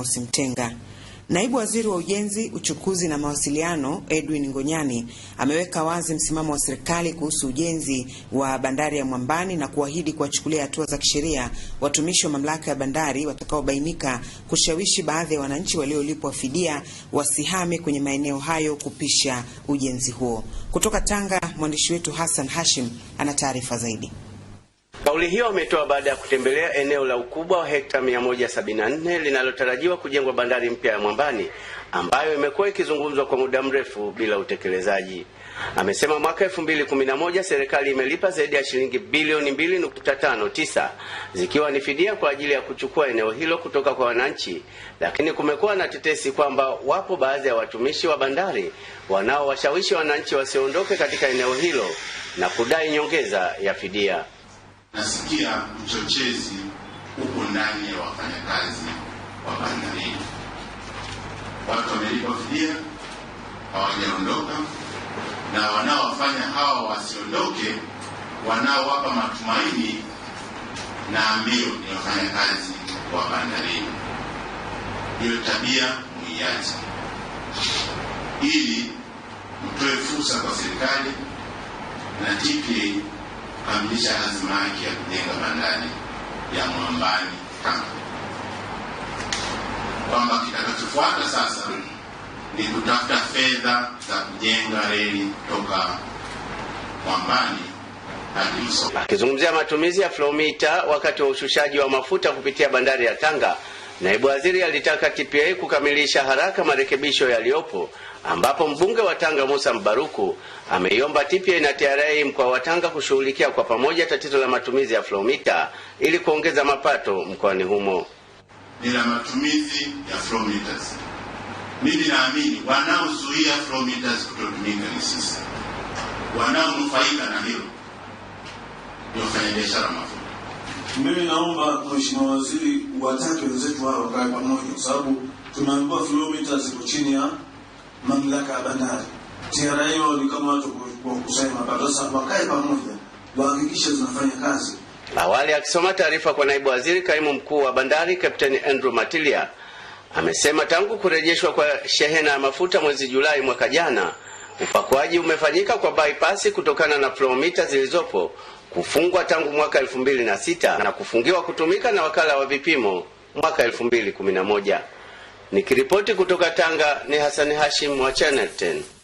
Msimtenga. Naibu Waziri wa Ujenzi, Uchukuzi na Mawasiliano Edwin Ngonyani ameweka wazi msimamo wa serikali kuhusu ujenzi wa bandari ya Mwambani na kuahidi kuwachukulia hatua za kisheria watumishi wa mamlaka ya bandari watakaobainika kushawishi baadhi ya wananchi waliolipwa fidia wasihame kwenye maeneo hayo kupisha ujenzi huo. Kutoka Tanga, mwandishi wetu Hassan Hashim ana taarifa zaidi. Kauli hiyo ametoa baada ya kutembelea eneo la ukubwa wa hekta 174 linalotarajiwa kujengwa bandari mpya ya Mwambani ambayo imekuwa ikizungumzwa kwa muda mrefu bila utekelezaji. Amesema mwaka 2011 serikali imelipa zaidi ya shilingi bilioni 2.59 zikiwa ni fidia kwa ajili ya kuchukua eneo hilo kutoka kwa wananchi, lakini kumekuwa na tetesi kwamba wapo baadhi ya watumishi wa bandari wanaowashawishi wananchi wasiondoke katika eneo hilo na kudai nyongeza ya fidia nasikia uchochezi huko ndani ya wafanyakazi wa bandarini. Watu wamelipa fidia hawajaondoka, na wanaowafanya hawa wasiondoke, wanaowapa matumaini na mbio ni wafanyakazi wa bandarini. Hiyo tabia muiaji ili mtoe fursa kwa serikali na TPA kukamilisha hazima yake ya kujenga bandari ya Mwambani kama kwamba kitakachofuata sasa ni kutafuta fedha za kujenga reli toka Mwambani Akizungumzia matumizi ya flomita wakati wa ushushaji wa mafuta kupitia bandari ya Tanga, Naibu waziri alitaka TPA kukamilisha haraka marekebisho yaliyopo, ambapo mbunge wa Tanga Musa Mbaruku ameiomba TPA na TRA mkoa wa Tanga kushughulikia kwa pamoja tatizo la matumizi ya flomita ili kuongeza mapato mkoani humo. Ni la matumizi ya flomitas. Mimi naamini wanaozuia flomitas kutotumika ni sisi, wanaonufaika na hilo ni wafanyabiashara mafuta mimi naomba mheshimiwa waziri, watatu wenzetu hao wakae pamoja, kwa sababu tumeambiwa kilomita ziko chini ya mamlaka ya bandari. TRA hiyo ni kama watu kwa pato. Sasa wakae pamoja, wahakikishe zinafanya kazi. Awali akisoma taarifa kwa naibu waziri kaimu mkuu wa bandari Kapteni Andrew Matilia amesema tangu kurejeshwa kwa shehena ya mafuta mwezi Julai mwaka jana, upakuaji umefanyika kwa bypass kutokana na flomita zilizopo kufungwa tangu mwaka elfu mbili na sita na kufungiwa kutumika na wakala wa vipimo mwaka elfu mbili kumi na moja. Nikiripoti kutoka Tanga ni hasani Hashim wa Channel 10.